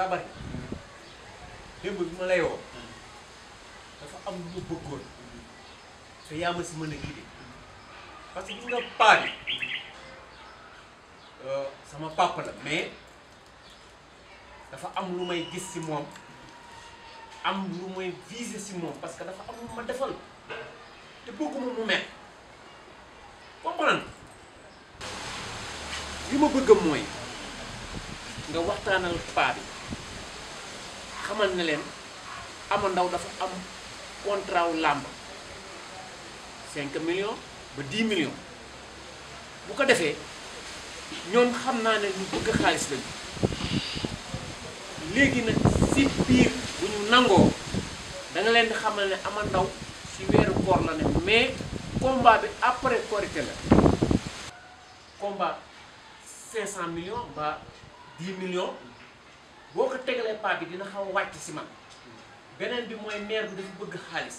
dafa bari démb bi ma lay woo dafa am lu bëggoon te yaa si mën a gide parce que gis nga paa bi euh, sama papa la mais dafa am lu may gis ci moom am lu may viser si moom parce que dafa am lu ma defal te bëgguma mu mel comprendre li ma bëgg mooy. nga waxtaanal paa bi xamal ne leen ama ndaw dafa am contrat wu làmb cinq millions ba 10 millions bu ko defee ñoom xam naa ne ñu bëgg xaalis lañu léegi nag si biir bu ñu nangoo da leen di xamal ne ama ndaw si weeru koor la ne mais combat bi après korité la combat 500 millions ba dix millions boo ko tegalee paa bi dina xaw a wàcc si man beneen bi mooy maire bi dafa bëgg xaalis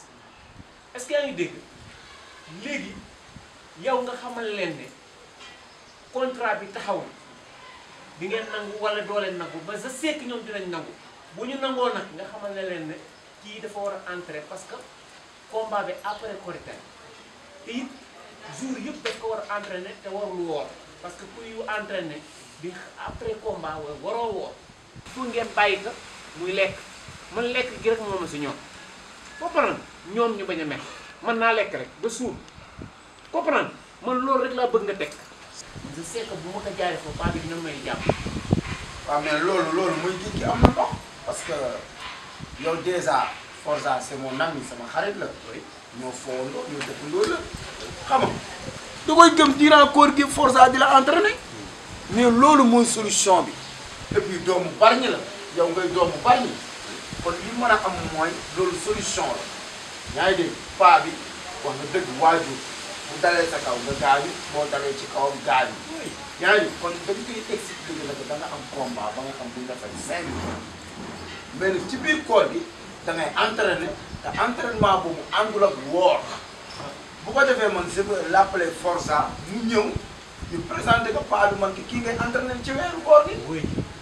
est-ce yaa ngi dégg léegi yow nga xamal leen ne contrat bi taxaw na di ngeen nangu wala doo leen nangu ba sa sais que ñoom dinañ nangu bu ñu nangoo nag nga xamal ne leen ne kii dafa war a entrer parce que combat bi après Korité te jour yëpp daf ko war a entraîner te warul woor parce que kuy entraîner. bi après combat wooy waroo woor fu ngeen bàyyi ko muy lekk man lekk gi rek moom si ñoom comprendre ñoom ñu bañ a mer man naa lekk rek ba suur comprendre man loolu rek laa bëgg nga teg je sais bu ma ko jaaree foofu paa bi dina may jàpp waaw mais loolu loolu muy géej parce que yow déjà Forza c'est mon sama xarit la ñoo foowandoo ñoo dëkkandoo la xam nga da koy gëm durant koor gi di la entraîner mais loolu mooy solution bi et puis doomu Bargny la yow ngay doomu Bargny kon li mën a am mooy loolu solution la yaa ngi dégg paa bi kon nga dëgg waajur mu dalee sa kaw nga gaañu boo dalee ci kawam gaañu yaa ngi kon dañ koy expliqué la ko da nga am combat ba nga xam bu ñu la fay cinq mais nag ci biir koor gi da ngay entraîné te entraînement boobu àndul ak woor bu ko defee man je veux l'appeler Forza mu ñëw ñu présenté ko paa bi man ki kii ngay entraîné ci weeru koor gi.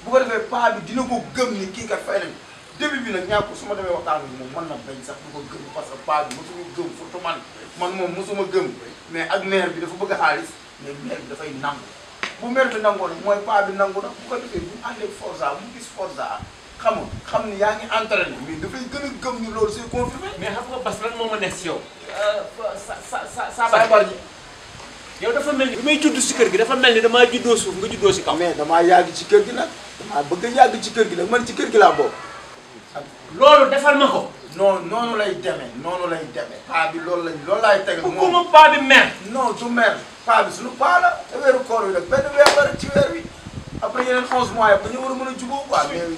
bu ko defee paa bi dina ko gëm ni kii kat fay nañ début bi nag ñàkkul su ma demee waxtaan bi moom mën na bañ sax du ko gëm parce que paa bi mosuma gëm surtout man man moom mosuma gëm mais ak maire bi dafa bëgg xaalis mais maire bi dafay nangu bu maire bi nangoo nag mooy paa bi nangu nag bu ko defee bu àndee Forza mu gis Forza xam nga xam ni yaa ngi entraîné mais dafay gën a gëm ni loolu c'est confirmé mais xam nga bas lan moo ma nekk si yow. Euh, sa sa sa sa yow dafa mel ni bi may judd si kër gi dafa mel ni damaa juddoo suuf nga juddoo si kaw. mais damaa yàgg ci kër gi nag damaa bëgg a yàgg ci kër gi nag man ci kër gi laa bokk. loolu defal ma ko. non noonu lay demee noonu lay demee. paa bi loolu lañ loolu laay teg moom ku ma paa bi mer. non du mer paa bi suñu paa la te weeru koor wi nag benn weer la rek ci weer wi après yeneen onze mois yëpp dañu war a mën a jubóo quoi mais.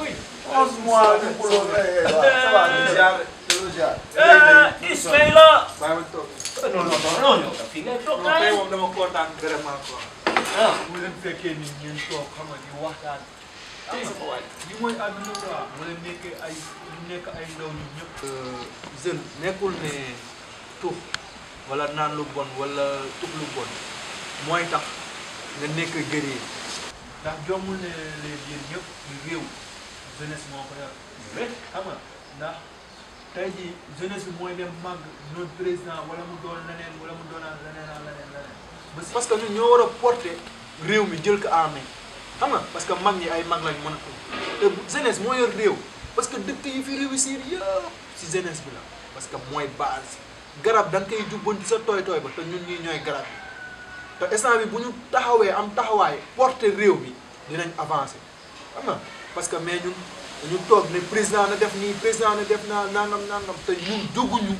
oui onze mois. waaw ça va Hallelujah. ah Ismaïla la. bàyyi ma toog. non non non non fii ngay toog naa leen. moom dama kontaan vraiment quoi. ah mu leen fekkee ni ñun toog xam nga ñu waxtaan. tey li mooy àdduna quoi. wala nekk ay nekk ay ndaw ñu ñëpp. jeune nekkul ne tux wala naan lu bon wala tux lu bon mooy tax nga nekk guerrier. ndax jombul ne les jeunes ñëpp ñu réew jeunesse moo ko yor. rek xam nga ndax. tey jii jeunesse bi mooy dem mag notre président wala mu doon leneen wala mu doonaan leneen ak leneen leneen. parce que ñun ñoo war a porter réew mi jël ko en main xam nga parce que mag ñi ay mag lañ mën a ko te jeunesse moo yor réew parce que dëkk yi fi réussir yëpp si jeunesse bi la parce que mooy si garab da nga koy jubbanti sa tooy tooy ba te ñun ñii ñooy garab yi te instant bi bu ñu taxawee am taxawaay porter réew mi dinañ avancer xam nga parce que mais ñun. ñu toog ne président na def nii président na def na nangam nangam te ñun dugguñu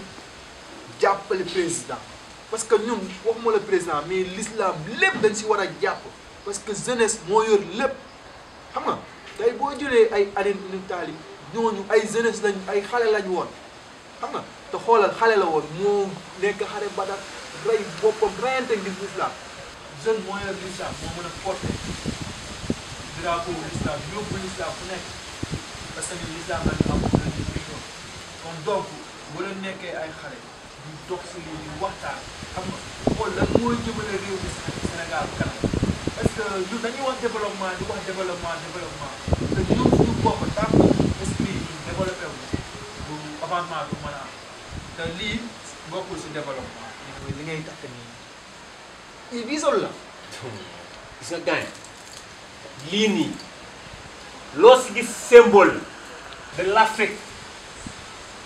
jàppale président parce que ñun waxuma la président mais l'islam lépp dañ si war a jàpp parce que jeunesse moo yor lépp xam nga boo jëlee ay arène unitali ñooñu ay jeunesse lañ ay xale lañu woon xam nga te xoolal xale la woon moo nekk xare badar rey boppam reyante ngir l'islam jeune moo yor l'islam moo mën a porter drapeau l'islam yóbbu l'islam fu nekk parce que ñun l'islam la am la ñu wéyoo kon donc bu la nekkee ay xale ñu dox si lii ñu waxtaan xam nga xool lan wax développement di wax développement développement te ñun suñu bopp tant que esprit ñu développé wu bu avancement mën a am te lii bokkul si développement. li ngay takk nii. il visol la. gis nga gaañ lii nii. loo si gis symbole de l'Afrique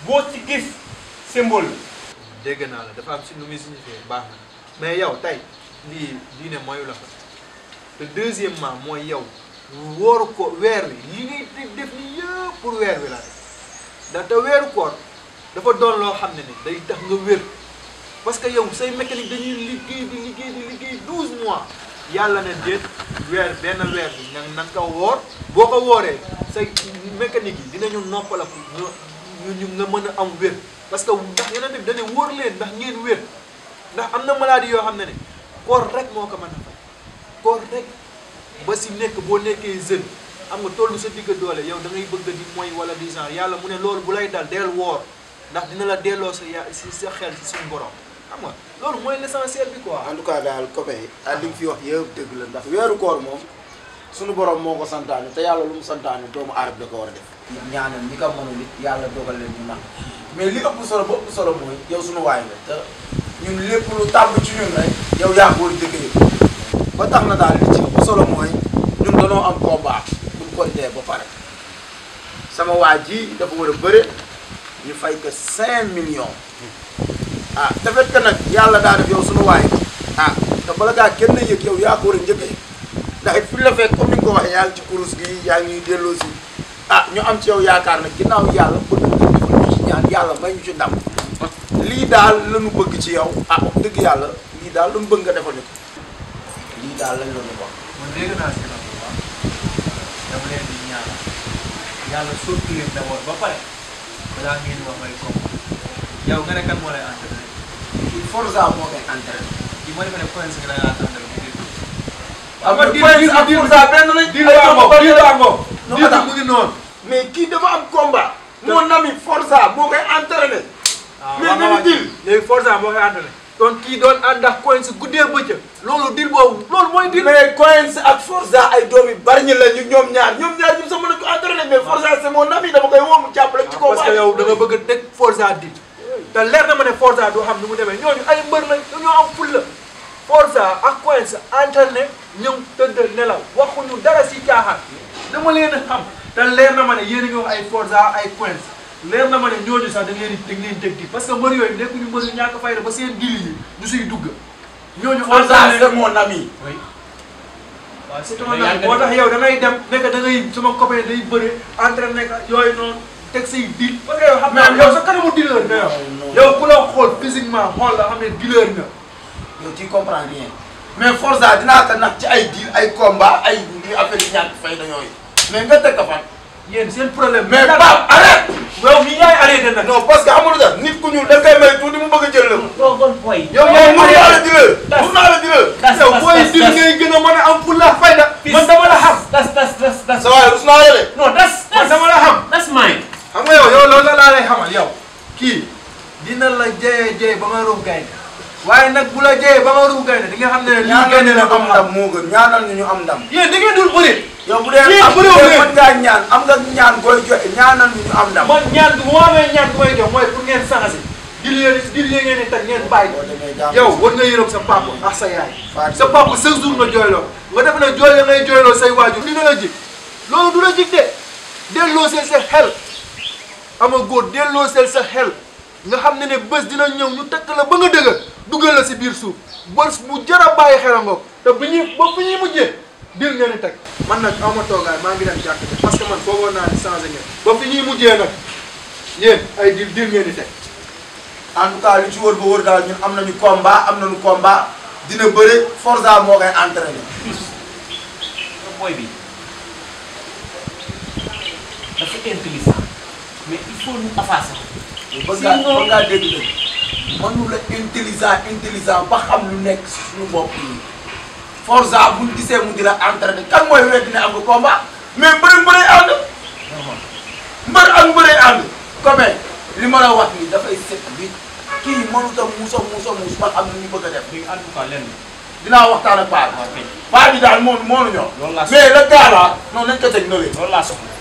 boo ci gis symbol dégg naa la dafa am si lu muy signifié baax na mais yow tey lii diine mayu la ko te deuxièmement mooy yow wóoru ko weer wi li ngay def ni yëpp pour weer wi la def ndaxte weeru koor dafa doon loo xam ne ni day tax nga wér parce que yow say mécanique dañuy liggéey di liggéey di liggéey douze mois yàlla ne déet weer benn weer bi nag nan woor boo ko wooree sa mécanique yi dina dinañu noppalaku ñu ñu nga mën a am wér parce que ndax yeneen bi dañu wóor leen ndax ngeen wér ndax am na maladie yoo xam ne ne koor rek moo ko man a faj koor rek ba si nekk boo nekkee jeune am nga tollu sa digg doole yow da bëgg di mooy wala di yàlla mu ne loolu bu lay dal deel woor ndax dina la delloo sa ya si sa xel si suñu borom xam nga loolu mooy l'essentiel bi quoi. en tout cas daal copain yi. li nga fi wax yëpp dëgg la ndax weeru koor moom suñu borom moo ko santaane te yàlla lu mu santaane doomu aarab da ko war a def. ñaanal ñi ko mënul it yàlla dogal leen nag mais li ëpp solo ba ëpp solo mooy yow suñu waay la te ñun lépp lu tàmb ci ñun rek yow yaa ngi war ba tax na daal li ci ëpp solo mooy ñun dañoo am combat buñ ko dee ba pare sama waa ji dafa war a bëre ñu fay ko 5 millions. ah te fekk nag yàlla daa def yow suñu ah te bala ngaa kenn yëg yow yaa ko war a ndax it fu la fekk comme ni nga ko yàlla ci kurus gi yaa ngi ñuy ah, ñu am ci yow yaakaar yàlla nañ ci ñaan yàlla may ñu ci ndam lii daal la bëgg ci yow ah wax dëgg yàlla lii daal la ñu bëgg nga defal ñu ko lii daal lañ la nga wax. man dégg naa si la bu baax dama yow nga ne kan moo lay entraîné. Forza moo koy entraîné. di ma ne Prince nga am na mu ngi noonu. mais kii dafa am combat. mon ami Forza moo koy entraîné. mais même diir léegi Forza moo koy a donc kii doon ànd ak Coins guddee bëccëg. loolu diir boobu loolu mooy diir. mais Coins ak Forza ay doom yu bari ñu la ñu ñoom ñaar ñoom ñaar ñu sax mën nañu ko entraîné mais Forza ah. c'est mon ami dama koy woo mu jàppale ah, ci combat. parce que yow da nga bëgg a teg Forza te leer na ma ne Forza du xam ni mu demee ñooñu ay mbër la ñoo am ful la Forza ak Quench entraîné ñëw tëdd nelaw waxuñu dara si caaxaan dama leen xam te leer na ma ne yéen a ngi wax ay Forza ay Quench leer na ma ne ñooñu sax dañ leen di dañ leen teg di parce que mbër yooyu nekkuñu mbër yu ñàkk fayda ba seen dili yi ñu siy dugg ñooñu. Forza c'est mon ami. oui waaw c'est mon ami tax yow da ngay dem nekk da ngay sama copain day bëre entraîné yooyu noonu. teg say dil. parce que yow xam naa yow sa kanamu dealer nga yow. Oh, yow ku la xool physiquement xool la xam ne dealer nga. yow tu comprends rien mais Forza dinaa ko nax ci ay deal ay combat ay yu affaire yi ñàkk fay na yooyu mais nga teg ko fan. yéen seen problème. mais Pape arrête. yow mii yaay arrêté nag. non parce que amul sax nit ku ñuul da koy may tuuti mu bëgg a jël la. non kon booy. yow yow mun naa la digal. tas mun naa la digal. tas tas tas yow booy dil ngay gën a mën a am pour la fayda. man dama la xam. tas tas tas tas. sa waay rus naa yore. non xam nga yow yow loolu la laa lay xamal yow kii dina la jëyee jëyee ba nga ruuf gaynde waaye nag bu la jëyee ba nga ruuf gaynde di nga xam ne. lii gaynde la am ndam moo gën ñaanal ñu ñu am ndam. yéen da ngeen dul bëri. yow bu dee am bu dee mën ngaa ñaan am nga ñaan koy joxe ñaanal ñu ñu am ndam. man ñaan bi bu ma amee ñaan koy jox mooy pour ngeen saxasi. dil yéen dil yéen ngeen teg ngeen bàyyi. yow war nga yërëm sa papa ak sa yaay. sa papa chaque jour nga jooyloo nga def na jooy ngay jooyloo say waajur. li na la jig loolu du la jig de delloo see sa xel ama góor delloo seel sa xel nga xam ne ne bës dina ñëw ñu takk la ba nga dëgër dugal la si biir suuf bés bu jar a bàyyi xelango te bu ñuy ba fu ñuy mujjee dil ngeen teg man nag awma toogaay maa ngi dem jàkk te parce que man foogoon naa ni ñuy mujjee nag yéen ay dil dil ngeen di teg en tout cas li ci wër ba wër daal ñun am ñu combat am na nañu combat dina bëre Forza moo koy entraîné mooy faut ñu effacer. sinon bëgg ngaa dégg nag mënu la intelligent intelligent ba xam lu nekk si suñu bopp yi. Forza buñ gisee mu di la entraîné kan mooy wér dina am combat mais mbëri mbëri ànd. mbër ak mbëri ànd. comme li ma la wax nii dafay set bi kii mënut a muus a muus a muus man am na ñu bëgg a def. léegi en tout cas lenn. dinaa waxtaan ak Paa bi. Paa bi daal moo moo la ñor. mais le gars là non nañ ko teg nële. loolu laa soxla.